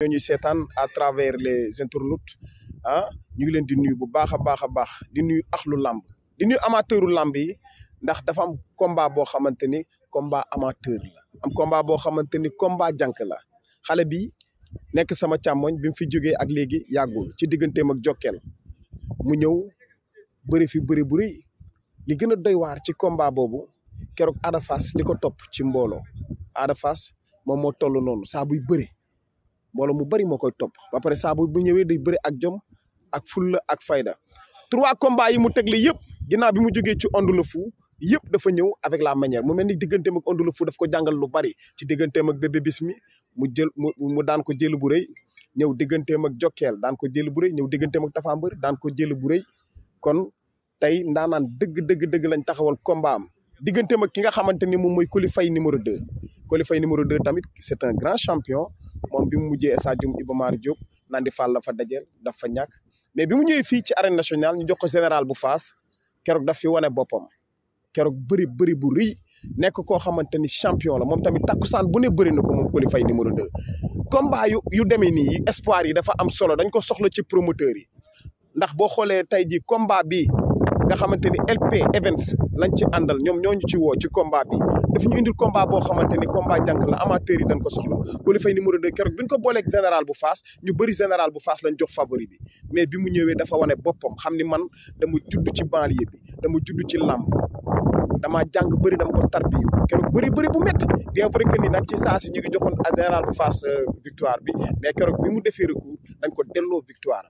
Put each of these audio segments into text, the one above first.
ñoo ñuy seetaan à travers les internautes ah ñu ngi leen di nuyu bu baax a baax a baax di nuyu axlu lamb di nuyu amateuru làmb yi ndax dafa am combat boo xamante ni combat amateur la am combat boo xamante ni combat jànk la xale bi nekk sama càmmoñ bi fi jógee ak léegi yàggul ci digganteem ak Jokkel mu ñëw bëri fi bëri bu li gën a doy ci combat boobu keroog Ada Fass li ko topp ci mbooloo Ada Fass moom moo toll noonu saa buy bëri wala mu bari moo koy topp ba pare saa bu bu ñëwee day bëri ak jom ak fulla ak fayda troit combats yi mu tegle yëpp ginnaaw bi mu jógee ci Onde le Fou yëpp dafa ñëw avec la manière mu mel ni digganteem ak Onde le Fou daf ko jàngal lu bari ci digganteem ak Bébé Bismi mu jël mu mu daan ko jël bu rëy ñëw digganteem ak Jokkeel daan ko jël bu rëy ñëw digganteem ak Tafa Mbër daan ko jël bu rëy kon tey ndaanaan dëgg dëgg dëgg lañ taxawal combat digganteem ak ki nga xamante ni moom mooy Coly Faye numéro 2. Coly Faye tamit c'est un grand champion moom bi mu mujjee stadium Iba Mar Diop naan di Fall la fa dajeel daf fa ñàkk mais bi mu ñëwee fii ci arène nationale ñu jox ko général bu Faas keroog daf fi wane boppam. keroog bëri bëri bu rëy nekk koo xamante ni champion la moom tamit takkusaan bu ne bëri na ko moom Coly Faye numéro 2. combat yu yu nii espoir yi dafa am solo dañ ko soxla ci promoteur yi ndax boo xoolee tey jii combat bi nga xamante ni LP lañ ci àndal ñoom ñoo ñu ci woo ci combat bi dafa ñu indil combat boo xamante ni combat jànk la amateur yi dañ ko soxla Coly Faye numéro 2 keroog bi ñu ko booleeg général bu faas ñu bëri général bu faas lañ jox favori bi mais bi mu ñëwee dafa wane boppam xam ni man dama judd ci banlieue dama judd ci làmb damaa jàng bëri dama ko tarbiyu keroog bëri bëri bu métti bien vrai que ni nag ci saa si ñu ngi joxoon à général bu faas euh, victoire bi mais keroog bi mu defee recours dañ ko delloo victoire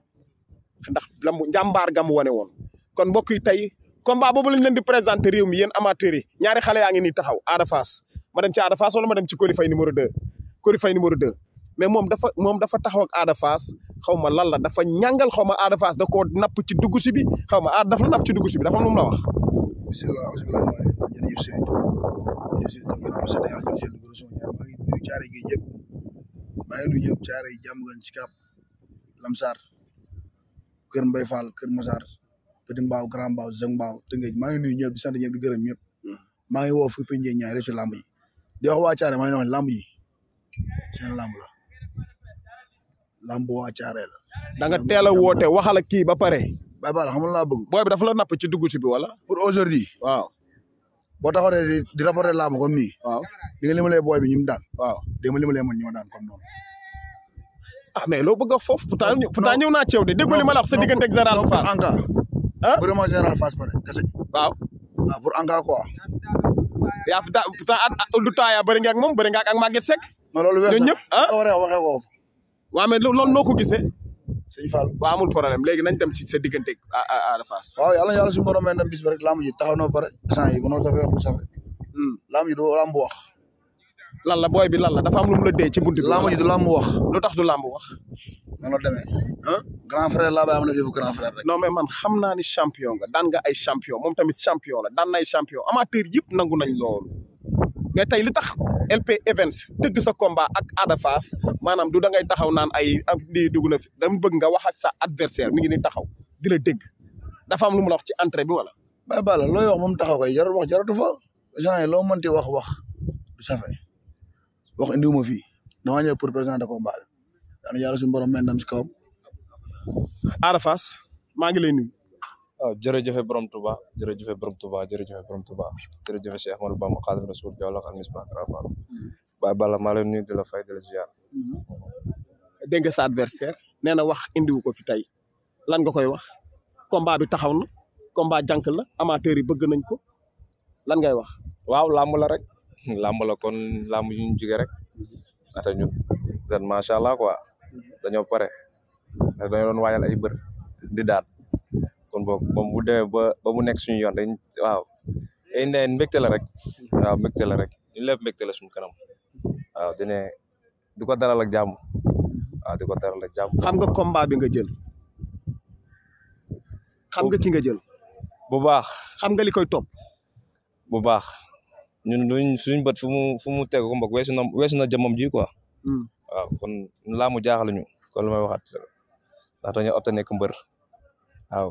am ndax la mu njàmbaar ga mu wane woon kon mbokk combat boobu lañ leen di présenter réew mi yéen amateurs yi ñaari xale yaa ngi nii taxaw Ada Fass ma ci Ada wala ma dem ci Coly Faye numéro 2 Coly Faye numéro 2 mais moom dafa moom dafa taxaw ak Ada Fass xaw ma lan la dafa ñàngal xaw ma Ada Fass da napp ci dugg si bi xaw ma dafa la ci dugg si bi dafa am lu mu la wax. bisimilah bisimilah jërëjëf Serigne Touba jërëjëf ma sant yàlla jërëjëf Ndiou Sow ñaar maa ngi yi jàmm gan ci Kaap Lamsar Kër Mbaye Fall Kër Massar Petit Mbao Grand Mbao Zeng Mbao Tëngéej maa ngi nuyu ñëpp di sant ñëpp di gërëm ñëpp maa ngi woo fukki njëriñ ñaari ci làmb yi di wax waa Thiaré maa ngi wax làmb yi seen làmb la làmb waa Thiaré la. da nga a woote waxal ak ba pare. ba pare xam bëgg. booy bi dafa la napp ci dugg ci bi wala. pour aujourd'hui waaw boo taxaw di di rapporter làmb comme nii. waaw di nga limalee booy bi ñu mu daan. waaw di nga limalee man ñu daan comme noonu. ah mais loo bëgg a foofu. pourtant pourtant ñëw naa ceew de déglu li ma la wax Ah? bëri ma général Fass pare kese. waaw waaw ah, pour ANCAR quoi. yaa fi taa pourtant at du temps yaa bëri nga ak moom bëri nga ak Maguette Seck. ma loolu weesu ñun ñëpp ah waxee ko fa. waaw mais loolu noo ko gisee. sëñ Fall waaw amul problème léegi nañ dem ci sa diggante à à à Fass. waaw yàlla yàlla suñu borom may dem bis bi rek lamb ji taxaw na ba pare. instant yii mënoo dafay wax bu safee. doo lamb wax. lan la booy bi lan la dafa am lu mu la dee ci buntu bi. lamb ji wax. lu tax du lamb wax. noonu la demee. ah grand frère laa bàyyi am na fi grand frère rek. non mais man xam naa ni champion ga daan ga ay champion moom tamit champion la daan na ay champion amateur yëpp nangu nañ loolu. mais tey li tax LP Events tëgg sa combat ak Ada maanaam du da ngay taxaw naan ay ab ah, lii dugg na fi dama bëgg nga wax ak sa adversaire mi ngi ni taxaw di la dégg dafa am lu mu la wax ci entrée bi wala. bay bala looy wax moom taxaw kay jarul wax jaratu fa gens yi loo mënti wax wax wax indiwuma fii damaa ñëw pour président de combat bi daanu yàlla suñu borom meen ndam si kawam. Ada Fass maa ngi lay nuyu. waaw jërëjëf borom Touba jërëjëf borom Touba jërëjëf borom Touba jërëjëf Cheikh Ahmadou Bamba Khadimu Rasul Jawlax al Misbah Rafal Baay bala maa lay nuyu di la fay di la ziar. Mhm. dégg nga sa adversaire nee na wax indiw ko fi tey lan nga koy wax combat bi taxaw na combat jànk la amateur yi bëgg nañ ko lan ngay wax. waaw làmb la rek. làmb la kon làmb yu ñu jugee rek ata ñun ren allah quoi dañoo pare rek dañoo doon waajal ay bër di daan kon boobu moom bu nekk suñ yoon dañ waaw ay ndeen rek waaw rek ñu lépp mbégte la kanam waaw dine di ko dalal ak jàmm waaw ko dalal ak xam nga combat bi nga jël xam nga ki nga jël bu baax xam nga li koy topp bu baax ñun luñ suñ bët fu mu fu mu teg ko mbokk weesu na weesu na jëmmam ji quoi. Hmm. waaw kon laa mu jaaxal ñu kon lu may waxaat ndax dañoo opté nekk mbër waaw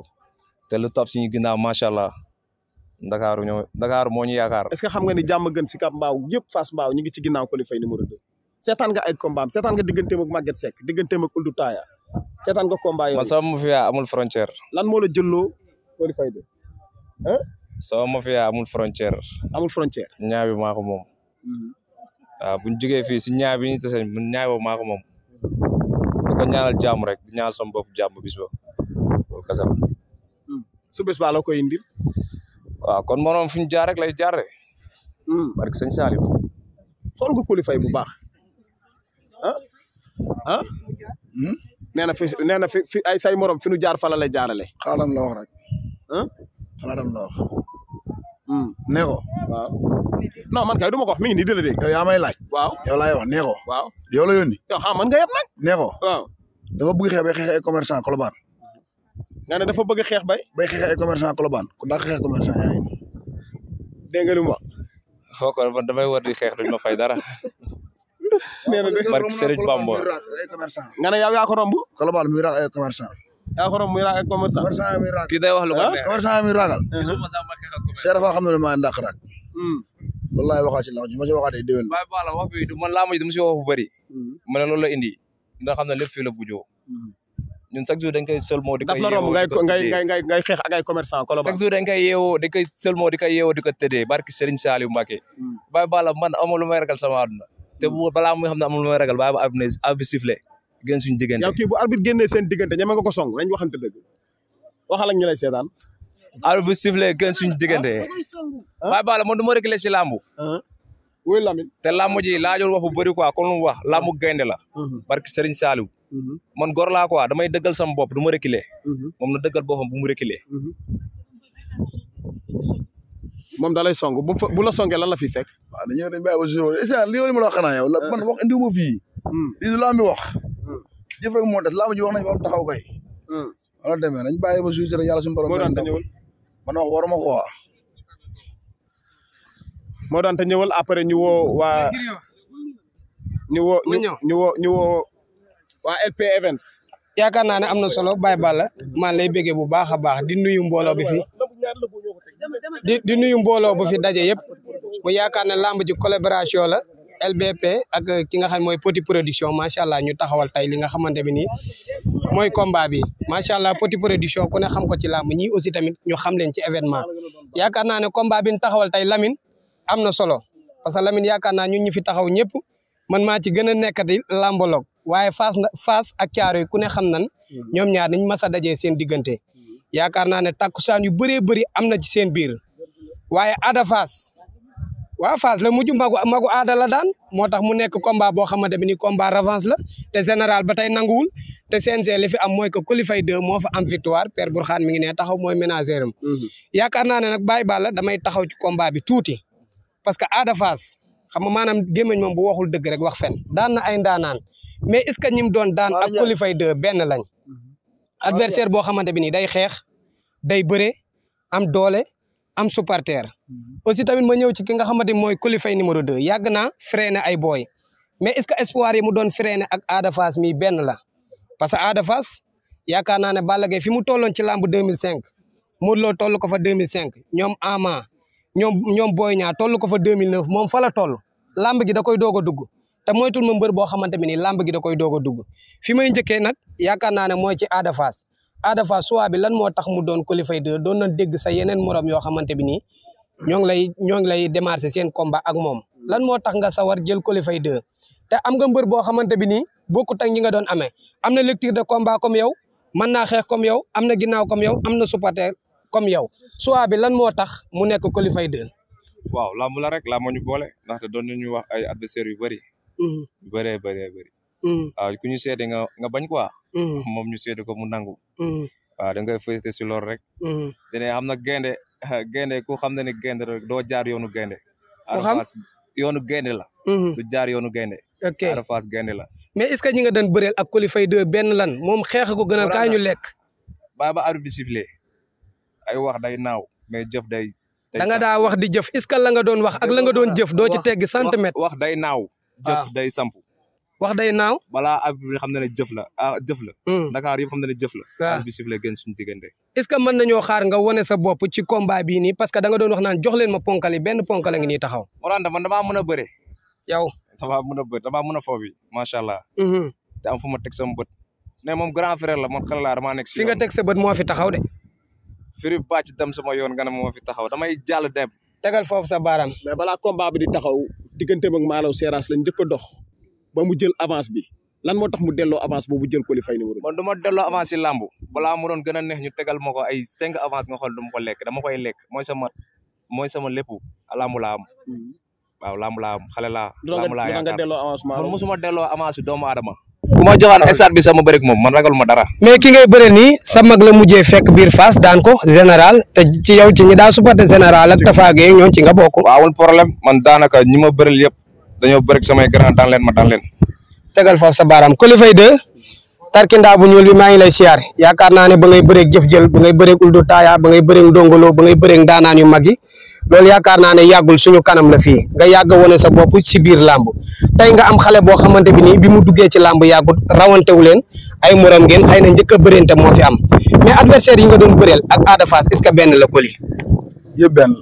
te lu topp suñu ginnaaw macha allah Dakar ñoo Dakar moo ñu yaakaar. est ce que xam nga ni jàmm gën si Kap Mbaaw yëpp Fass Mbaaw ñu ngi ci ginnaaw Coly Faye numéro 2. seetaan nga ay combat seetaan nga digganteem ak Maguette Seck digganteem ak Ould Taya seetaan nga combat yooyu. man amul frontière. lan moo la jëlloo Coly sama mafia amul frontière. amul frontière. ñaabi maa ko moom. Mm-hmm. bu ñu jugee fii si ñaabi ñu tase ñun ñaabi boobu maa ko jàmm rek di ñaanal sama bopp jàmm bis ba loolu kese la. Mm-hmm. su bés ba la koy kon moom fi ñu jaar rek lay jaar rek. Mm-hmm. parce que sëñ Salim. xool nga Coly Faye bu baax ah ah. Hmm? na fi nee na fi ay say morom fi nu jaar fa la lay jaarale. xaaral la xalaatam la wax. nee ko. waaw non man kay du ma ko wax mi di la dégg. yow yaa laaj. waaw yow laay wax nee ko. yow la yónni. yow xam man nga yab nag. dafa bëgg xeex bay xeex ay commerçant ne dafa bëgg xex bay. bay xeex ay commerçant Colobane ku daa xeex commerçant yaa li damay war di xeex duñ fay dara. nee na dëgg barke Serigne Bamba. nga ne romb. Colobane mi ngi yaa ko muy ragal day wax lu ko ah? neex commerçant mi ragal. Eh, seera fa xam ne maa ndàq raag. Hmm. wallaahi waxaa ci lax ji ma ci waxaatee déwén. waaye ba man laa ma ji si wax bu bëri. Hmm. ma ne loolu la indi. nga xam ne lépp fii la bujoo. Hmm. ñun chaque jour dañ koy seulement di koy yeewoo daf la romb ngay ngay ngay ngay xeex ak ay commerçant Colobane chaque jour dañ koy yeewoo di koy seulement di koy yeewoo di ko tëddee barki Serigne Saliou Mbacké baay bala man amul lu may ragal te bu balaa muy xam ne amul lu ragal baay ba ab gën suñu diggante. yow kii bu arbitre génnee seen diggante ñeme nga ko song nañ waxante dëgg waxal ak ñu lay seetaan. arbitre bu sifflé gën suñu diggante. waaye Ba la man du ma réglé si làmbu. Ah? wuy Lamine. te làmbu ji laajul waxu bëri quoi comme lu wax làmbu gaynde la. Mhm. barki Serigne Saliou. Mhm. man gor laa quoi damay dëggal sama bop du ma reculer. Mhm. moom na dëggal boppam bu mu reculer. moom dalay lay song bu bu la songee lan la fi fekk. waaw dañoo dañ ba jour bi li ma la wax xanaa yow. man wax indi ma fii. Hmm. lii du laam wax. Hmm. jëf moo des laam ji wax nañ ba mu taxaw kay. Hmm. wala demee nañ bàyyi ba jour si rek yàlla suñu borom. moo daan te ñëwal man wax waruma ko moo daan te ñëwal après ñu woo waa. ñu woo ñu LP Events. yaakaar naa ne am na solo Baye Balla maa lay béggee bu baax a baax di nuyu mbooloo bi di di nuyu mbooloo bu fi daje yëpp mu yaakaar ne làmb ji collaboration la LBP ak ki nga xam mooy Petit Production macha allah ñu taxawal tey li nga xamante bi nii mooy combat bi macha allah Petit Production ku ne xam ko ci làmb ñii aussi tamit ñu xam leen ci événement yaakaar naa ne combat bi taxawal tey lamin am na solo parce que Lamine yaakaar naa ñun ñu fi taxaw ñëpp man maa ci gën a nekkati làmboloog waaye Fass Fass ak Thiaroye yi ku ne xam nan ñoom ñaar niñ mas a dajee seen diggante yaakaar naa ne takkusaan yu bëree bëri am na ci seen biir waaye Ada Fass waa Fass la mujj magu magu Ada la daan moo tax mu nekk combat boo xamante ne nii combat revanche la te général ba tey nanguwul te CNG li fi am mooy que qualifié deux moo fa am victoire Père Bourkhane mi ngi ne taxaw mooy ménagère am. Mhm. yaakaar naa ne nag Baye Balla damay taxaw ci combat bi tuuti parce que Ada Fass xam nga maanaam gémmiñ moom bu waxul dëgg rek wax fen daan na ay ndaanaan mais est ce que ñim doon daan ak qualifié deux benn lañ. Mhm. adversaire boo xamante bi ni day xeex day bëre am doole. am supporter mhm. aussi tamit ma ñëw ci ki nga xamante ni mooy Coly Faye numéro 2 yàgg naa freiné ay booy mais est-ce que espoir yi mu doon freiné ak Ada Fass mi benn la parce que Ada Fass yaakaar naa ne Balla fi mu tolloon ci làmb 2005 Modou Lo toll ko fa 2005 ñoom Ama ñoom ñoom Boy Niang toll ko fa 2009 moom fa la toll làmb gi da koy doog dugg te moytul ma mbër boo xamante ne nii làmb gi da koy doog a fi may njëkkee nag yaakaar naa ne mooy ci Ada Ada Fass choix bi lan moo tax mu doon Coly Faye 2 doon na dégg sa yeneen moroom yoo xamante bi nii ñoo ngi lay ñoo ngi lay démarrer seen combat ak moom lan moo tax nga sawar jël Coly Faye 2 te am nga mbër boo xamante bi nii bokkut ak ñi nga doon amee am na lecture de combat comme yow mën naa xeex comme yow am na ginnaaw comme yow am na supporter comme yow choix bi lan moo tax mu nekk Coly Faye 2 waaw làmb la rek làmb ñu boole ndaxte doon nañu wax ay adversaires yu bëri. yu mhm. bëri. waaw mm. ah, ku ñu seede nga nga bañ quoi. Mm. moom ñu seede ko mu nangu. Mm. waaw da ngay félicité si loolu rek. dinañ xam na gaynde gaynde ku xam ne ne gaynde rek doo jaar yoonu gaynde. ku xam yoonu gaynde la. Mm-hmm. du jaar yoonu gaynde. ok Ada Fass gaynde la. mais est ce que ñi nga daan bëreel ak Colifay 2 benn lan moom xeex ko gënal kaa ñu lekk. ba ba arbitre bi ay wax day naaw mais jëf day. da nga daa wax jëf est ce la nga doon wax ak la nga doon jëf doo ci tegg centimètre. wax day naaw. jëf ah. day sampu. wax day naaw balaa ab xam na ne jëf la ah jëf la hmm. Dakar yëpp xam na ne jëf la waaw ah. bi suñu diggante est-ce que mën nañoo xaar nga wane sa bopp ci combat bii nii parce que da nga doon wax naan jox leen ma ponkali benn ponkala ngi nii taxaw Morane man damaa mën a bëre yow damaa mën a bëre damaa mën a foo macha allah hmm. te am fu ma teg sama bët ne moom grand frère la man xale laa damaa nekk si fi nga teg sa bët moo fi taxaw de firi bàcc sama yoon nga ne moo fi taxaw damay jàll dem tegal foofu sa baaraam mais balaa combat bi di taxaw digganteem ak Malaw Seras lañ njëkk dox ba mu jël avance bi lan moo tax mu delloo avance boobu jël Coly Faye numéro. man du ma delloo avance si làmb balaa mu doon gën a ñu tegal ma ko ay cinq avance nga xool du ma koy lekk mooy sama mooy sama lépp làmb laa am. Hmm. waaw làmb laa am xale laa. làmb laa yaakaar nga delloo avance man mosuma delloo avance doomu aadama. ma joxoon stade bi sama bëreeg moom man ragaluma dara. mais ki ngay bëre nii sa mag la mujjee fekk biir Fass daan ko général te ci yow ci ñi daa supporté général ak Tafa Gueye ñoom ci nga bokk. waaw amul man daanaka ñi ma bëreel yëpp dañoo bëri samay grand daan leen ma daan leen. tegal foofu sa baaraam Coly Faye tarkindaa bu ñuul bi maa ngi lay siyaar yaakaar naa ne ba ngay bëreeg jëf jël ba ngay bëreeg uldu taaya ba ngay bëreeg ndongolo ba ngay bëreeg daanaan yu mag yi loolu yaakaar naa ne yàggul suñu kanam la fii nga yàgg a wane sa bopp ci biir làmb tey nga am xale boo xamante bi nii bi mu duggee ci làmb yàggut rawantewu leen ay morom ngeen xëy na njëkk a bërente moo fi am mais adversaire yi nga doon bëreel ak Ada Fass est-ce benn la Coly. yëpp benn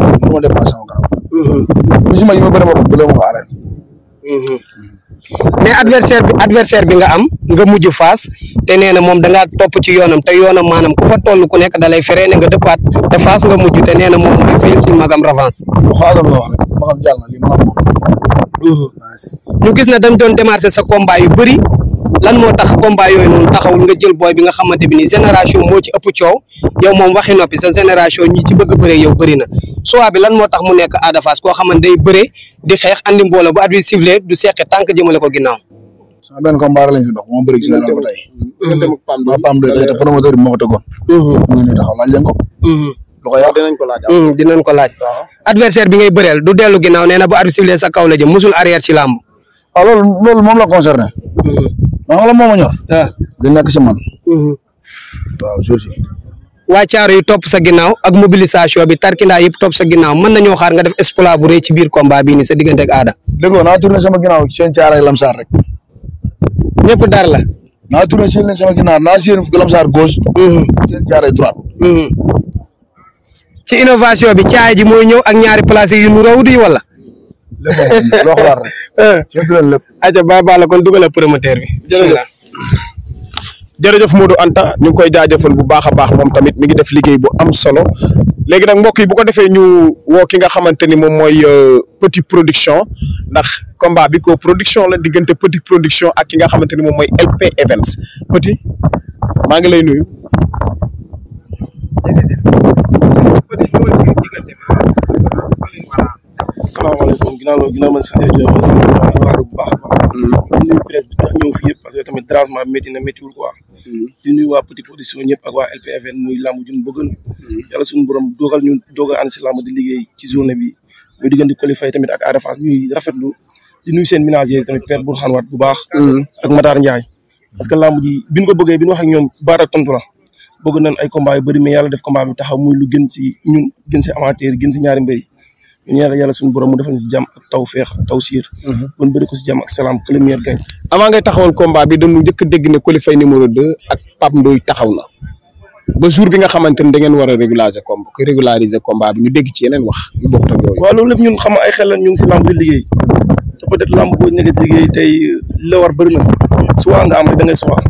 mënu ma dépassé ma mais adversaire bi adversaire bi nga am nga mujj faas te nee na moom da ngaa ci yoonam te yoonam maanam ku fa toll ku nekk da lay feree ne nga dëppaat te faas nga mujj te nee na moom mooy fayal suñu magam revanche. Mhm. ñu gis na dañ doon démarché sa combat bëri lan moo tax combat yooyu noonu taxawul nga jël booy bi nga xamante bi ni génération moo ci ëpp coow yow moom waxi noppi génération ñi ci bëgg a bëree yow bëri na soit bi lan moo tax mu nekk Ada Fass koo xamante day bëre di xeex andi mbooloo bu at bi sifflé du seqe tànk jëmale ko ginnaaw. sama benn combat lañ fi dox moom bëri ko tegoon. mu mhm. ngi nii taxaw laaj leen ko. Mhm. lu ko yàq ko laaj. Mhm, dinañ ko bi ngay bëreel du dellu ginnaw nee na bu at bi sa kaw la jëm musul arrière ci làmb. waaw ah, loolu loolu la concerné. maa ngi la ñor. waaw ah. li nekk si man. Mm-hmm. waaw jërëjëf. waa caaro yi topp sa ginnaaw ak mobilisation bi tarkindaa yëpp topp sa ginnaaw mën nañoo xaar nga def exploit bu rëy ci biir combat bii nii sa diggante ak aada. déggoo naa tourné sama ginnaaw seen caaro ak lamsaar rek. ñëpp dar la. naa tourné seen leen sama ginnaaw naa seen lamsaar gauche. Mm-hmm. seen caaro droite. Mm-hmm. ci innovation bi caay ji mooy ñëw ak ñaari place yu nu raw walla lépp loo xoolaat rek. soo dugal lépp. ayca bàyyi baax la kon dugalal promoteur bi. jërëjëf jërëjëf Modou Anta ñu ngi koy jaajëfal bu baax a baax moom tamit mi ngi def liggéey bu am solo léegi nag mbokk yi bu ko defee ñu woo ki nga xamante ni moom mooy euh, Petit Production ndax combat bi ko production la diggante Petit Production ak ki nga xamante ni moom mooy LP Events Petit maa ngi lay nuyu. salaamaaleykum ginnaaw loolu ginnaaw ma sant yow sant bu baax a baax. Mm. di nuyu presse bi tax parce que tamit dérangement métti na méttiwul quoi. Mm. di nuyu waa Petit Production ñëpp ak waa LPFN muy làmb ju ñu bëggoon. Mm. yàlla suñu dogal ñu doog a ànd si làmb di liggéey ci journée bi ñu di qualifié tamit ak Ada Fass ñuy rafetlu di nuyu seen ménager tamit Père Bourkhane Waat bu baax. ak Matar Ndiaye. parce que làmb ji bi ko bëggee bi ñu wax ak ñoom baat ak tontu la. bëgg nañ ay combat yu bëri mais yàlla bi taxaw muy lu gën si ñun gën si amateur gën si ñaari mbéy ñaan yàlla suñu borom mu defal ñu si jàmm ak tawféex mhm. ak tawsiir. mën bëri si jàmm taxawal combat bi dañu njëkk a dégg ne Coly Faye numéro 2 ak Pape Ndoye taxaw na ba jour bi nga xamante ni da ngeen war a régulariser combat régulariser combat bi ñu dégg ci yeneen wax yu bokk ak yooyu. waaw loolu lépp ñun xam ay xel la ñu ngi si làmb di liggéey te peut être làmb boo nekkee liggéey tey la war bëri na soit nga am rek da ngay soit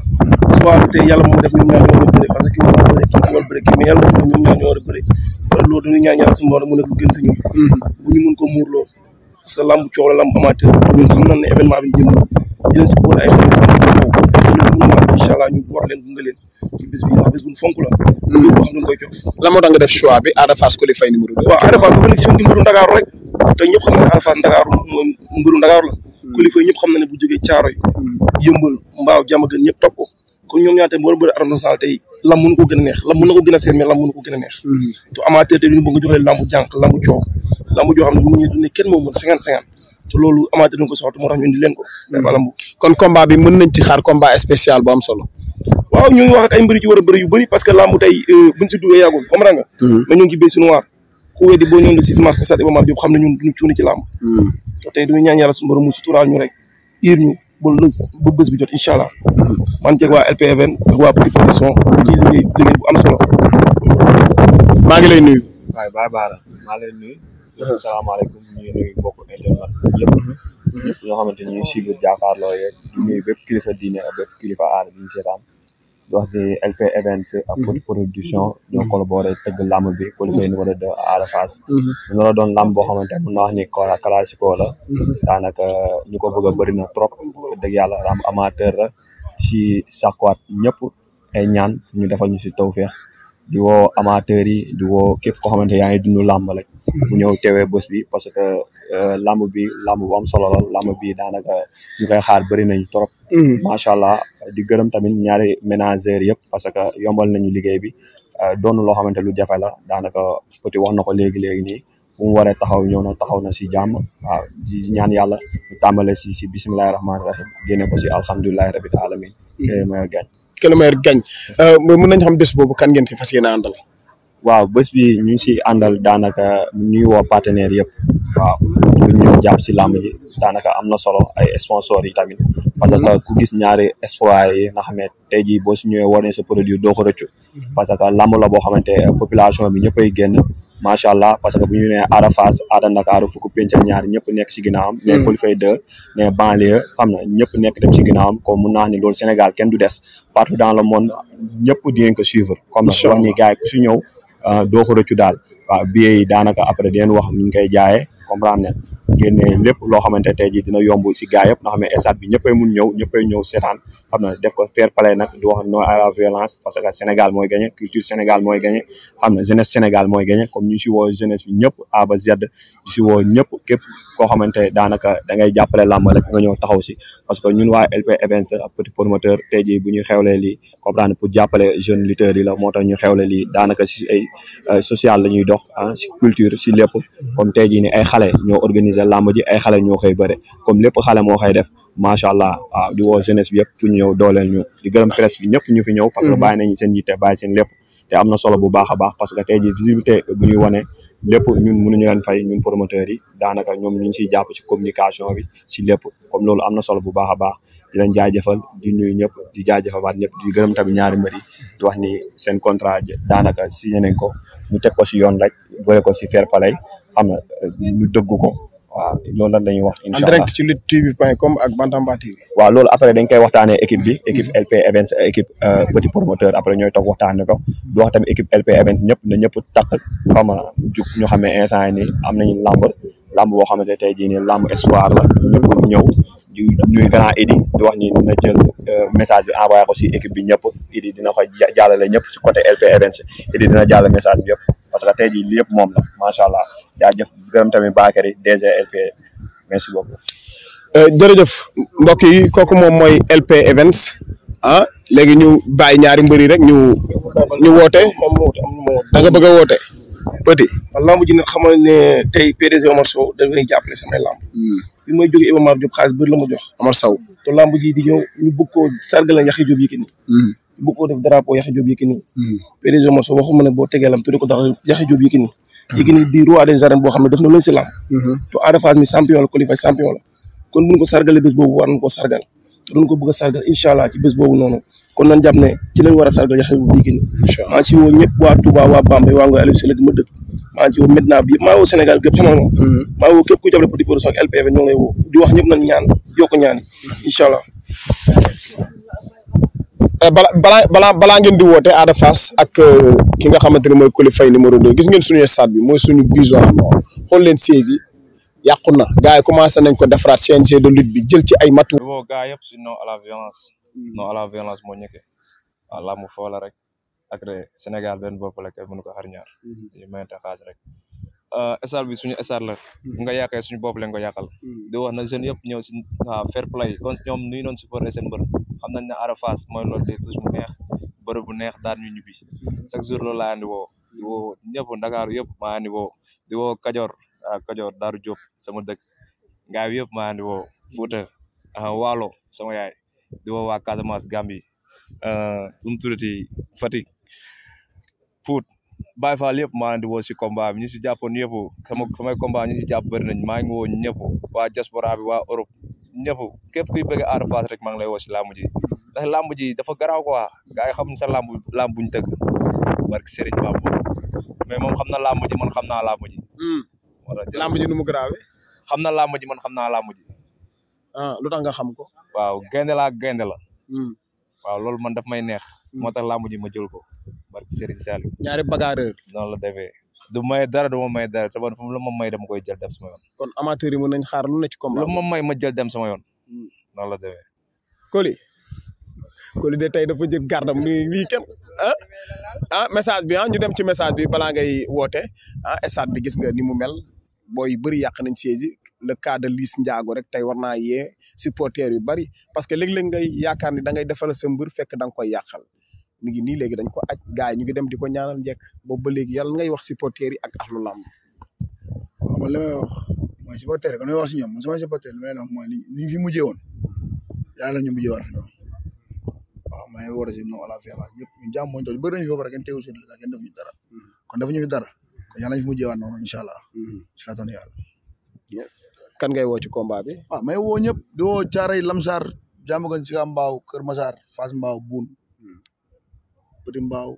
soit a bëri bëri loolu dañuy ñaan yàlla suñu borom mu nekk lu gën si ñun. Mm-hmm. bu ñu mën ko muur parce que lamb coow la lamb amateur ñun xam nañ bi ñu allah ñu bi ndax bis bu ñu fonk la. Mm-hmm. koy cof. la moo def choix bi Ada Fass Coly Faye numéro 2. waaw Ada Fass dafa xam na ne Ada Fass Ndakaaru mooy mbiru Ndakaaru la. Mm-hmm. Coly na ne bu jógee Caaroy yëmbal mbaaw jàmm gën ñëpp topp ko kon ñoom ñaar tamit war a bëri tey lamb mënu ko gën a neex lamb mën na ko gën a seet mais lamb mënu ko gën mm-hmm. te amateur tey duñu bëgg jox leen lamb jànq lamb coow lamb joo xam ne bu ñu te loolu amateur duñu moo tax ñu indi ko lamb bi mën nañ ci xaar combat spécial bu am solo waaw wax ak ay mbir yu ci war a bëri yu parce que lamb tey euh, buñ si duggee yàggul comprendre nga mm-hmm. mais ñu ku wéy di boo ñëwee le six mars stade Iba Mar Diop xam ne ñun duñu cuuni ba lës ba bés bi jot incha allah man ceeg wa LPFN ak waa Pire Production ci liggéey liggéey ngi lay nuyu. waaye baax baax la maa lay nuyu. asalaamaaleykum ñu ngi nuyu mbokku internet yëpp. ñëpp mhm. ñoo xamante ni ñuy suivre jàkkaarloo yeeg. ñu nuyu kilifa diine ak kilifa aada bi di wax ni LP Events ak mhm. production ñoo mhm. collaboré tëgg làmb bi qualifié numéro deux à la mhm. doon làmb boo xamante mun naa wax ni kora classico la daanaka ñu ko bëgg a bëri na trop dëgg yàlla làmb amateur la si sàkkuwaat ñëpp ay ñaan ñu defal ñu si tawféex di woo amateurs yi di woo képp koo xamante yaa ngi dund làmb rek mu ñëw teewee bés bi parce que euh, lamb bi lamb bu am solo la làmb bi daanaka ñu koy xaar bëri nañ trop mm-hmm. macha allah di gërëm tamit ñaari ménagères yëpp parce que yombal nañu liggéey bi euh, doon loo xamante lu jafe la daanaka petit wax na ko léegi-léegi nii bu mu waree taxaw ñëw na taxaw na si jàmm waaw di ñaan yàlla ñu tàmbale si si bisimilahi rahmaani rahim génne ko si alhamdulilahi rabil alamin mm-hmm. ma gaañ que le meilleur gagne euh, mën nañ xam bés boobu kan ngeen fi fas yéene àndal. waaw bés bi ñu ngi si àndal daanaka ñuy woo partenaire yëpp waaw ñu ñëw jàpp si làmb ji daanaka am na solo ay sponsors yi tamit parce que ku gis ñaari espoir yi nga xam ne tey jii boo si ñëwee wane sa produit doo ko rëccu mhm. parce que làmb la boo xamante population bi ñëppay génn macha allah parce que bu ñu nee aada Fass aada Ndakaaru fukk nekk ci ginnaawam. ne Colyfay 2 ne banlieue xam na ñëpp nekk dem ci ginnaawam kon mun naa ni loolu Sénégal kenn du des partout dans le monde ñëpp di ngeen ko suivre. comme nag wax ni ku si ñëw euh, doo ko rëccu daal. yi daanaka après di leen wax ñu ngi koy jaayee comprendre ne génne lépp loo xamante tey jii dina yomb si gaa yëpp nga xam ne stade bi ñëppay mun ñëw ñëppay ñëw seetaan xam na def ko fair play nag di wax non à violence parce que Sénégal mooy gagné culture Sénégal mooy xam na jeunesse Sénégal mooy gagné comme ñu si woo jeunesse bi ñëpp A ba Z si woo ñëpp képp koo xamante daanaka da ngay jàppale làmb rek nga ñëw taxaw si parce que ñun wa LP Events petit promoteur tey jii bu ñuy xewlee lii comprendre pour jàppale jeune lutteurs yi la moo tax ñu xewle lii daanaka si ay euh, social la ñuy dox ah si lépp comme tey jii ni ay xale ñoo organiser làmb ji ay xale ñoo koy bëre comme lépp xale moo koy def macha allah waaw di woo jeunesse bi yëpp pour ñëw dooleel ñu di gërëm presse ñëpp ñu fi ñëw parce que mhm. bàyyi nañu seen yitte bàyyi seen lépp te am na solo bu baax a baax parce que tey ji visibilité bu ñuy wane lépp ñun mënuñu leen fay ñun promoteurs yi daanaka ñoom ñu ngi siy jàpp si communication bi si lépp comme loolu am na solo bu baax a baax di leen jaajëfal di ñuy ñëpp di jaajëfal ñëpp di gërëm tamit ñaari mbër yi di wax ni seen contrat daanaka signé nañ ko ñu teg ko si yoon rek bëre ko si fair play xam ñu dëgg ko waaw loolu lan la ñuy wax incha allah en direct com ak Bantamba TV. loolu après dañ koy waxtaanee équipe bi équipe LP Events équipe euh, petit promoteur après ñooy toog waxtaanee ko du wax équipe LP Events ñëpp na ñëpp takk xam nga jug xam ne instant yii am na nañu lamb lamb boo xamante te tey jii nii lamb espoir la ñëpp ñëw. di ñuy grand Idi di wax ni dina jël euh, message bi envoyé ko équipe bi ñëpp Idi dina ko jaalale ñëpp si côté LP Events Idi dina jàllale message bi yëpp parce que tey jii li yëpp moom la macha allah jaajëf gërëm tamit Bakary DG LP merci beaucoup. Euh, jërëjëf mbokk yi kooku moom mooy LP Events ah léegi ñu bàyyi ñaari mbër yi rek ñu ñu woote. da nga bëgg a woote. petit. man lamb ji nag xamal ne tey PDG Omar Sow da ngay jàppale samay lamb. Hmm. bi may jógee Iba Mar Diop xaalis bëri la ma jox. Omar saw te lamb ji di ñëw ñu bëgg koo sargal la Yaxya Diop Yékini hmm. bu ko def drapeau Yaxya Jóob Yékini hmm. pédéjo moso waxuma ne boo tegee lam tudde ko dara Yaxya Jóob Yékini hmm. Yékini di roi des arènes boo xam ne def na loolu si lam hmm. te Ada mi champion la qualifié kon buñ ko sargale bés boobu war nañ ko sargal te duñ ko sargal incha allah ci bés boobu noonu kon nañ jàpp ci lañ war a sargal Yaxya Jóob Yékini maa ci woo ñëpp waa Touba waa Bambey waa ma dëkk maa ci woo Medina bi maa woo Sénégal gépp xamal ma maa woo képp ku jàppale Petit Production ak LPV ñoo ngi Eh, balaa balaa balaa ngeen di woote Ada Fass ak eh, ki nga xamante ne mooy Coly Faye numéro 2 gis ngeen suñu stade bi mooy suñu bison noor xool leen siège yi yàqu na gars yi commencé nañ ko defaraat CNG de lutte bi jël ci ay matu. woo gars yëpp si non à la violence. non à la violence ah, rek ak Sénégal benn bopp la kay mënu ko xar ñaar. Mhm. estar euh, bi suñu estar la bu hmm. nga yàqee suñu bopp leen ko yàqal di a nag yëpp ñëw si waaw fair play kon ñoom nuy noon supporter seen mbër xam nañ ne Ada Fass mooy loolu day touche mu neex bërëb bu neex daan ñu ñibbi hmm. chaque jour loolu laa andi woo di woo ñëpp Ndakaaru yëpp maa andi woo di woo Kajoor waaw Kajoor sama dëkk ngaay yëpp maa andi woo Fuuta ah, Waalo sama yaay di woo Casamance Gambie um tuddati Fatick Pout Baye Fall yëpp ma leen di woo si combat bi ñu si jàppoon yëpp sama samay combat ñu si jàpp bëri nañ maa ngi woo ñëpp waa diaspora bi waa Europe ñëpp képp kuy bëgg Ada Fass rek maa ngi lay woo si làmb ji ndax làmb dafa garaaw quoi gars yi xamuñ sax làmb làmb buñ tëgg barke Serigne Bamba mais moom xam na làmb ji man xam naa làmb ji. wala hmm. làmb ji nu mu garaawee. xam na làmb ji man xam naa làmb ji. Ah, lu tax nga xam ko. waaw gaynde la gaynde la. Hmm. waaw loolu man daf may neex. Hmm. moo tax làmb ji ma jël ko. barke Serigne Saliou ñaari bagarreur noonu la demee du may dara du ma may dara te man fu may dama koy jal dem sama yoon kon amateur yi mën nañ xaar lu ne ci combat ma may ma jël dem sama yoon hmm. noonu de tey dafa jël gardam li lii kenn ah ah message bi ah ñu dem ci message bi balaa ngay woote ah stade bi gis nga ni mu mel booy yu bëri yàq nañ siège le cas de Liss jaago rek tey war naa yee supporter yu bari parce que léeg-léeg ngay yaakaar ni da ngay defal sa mbër fekk da nga koy yàqal mi ngi nii léegi dañ ko aj gars yi ñu ngi dem di ko ñaanal njekk boobu ba léegi yàlla ngay wax supporter yi ak axlu làmb waaw man li may wax mooy supporter yi wax si ñoom man sama supporter li may wax mooy li ñu fi mujjee woon yàlla ñu mujjee war fi ñoom waaw may war a si non ala fi yàlla ñëpp ñu jàmm mooñ toog bëri nañu fi ba pare kenn si la kenn def ñu dara kon defuñu fi dara kon yàlla ñu fi mujjee waat allah mm-hmm. si kàttanu yàlla kan ngay woo ci combat bi waaw ah, may woo ñëpp di woo caaray lamsaar jàmm gën si mbaaw kër masaar faas mbaaw buun mm. di mbaaw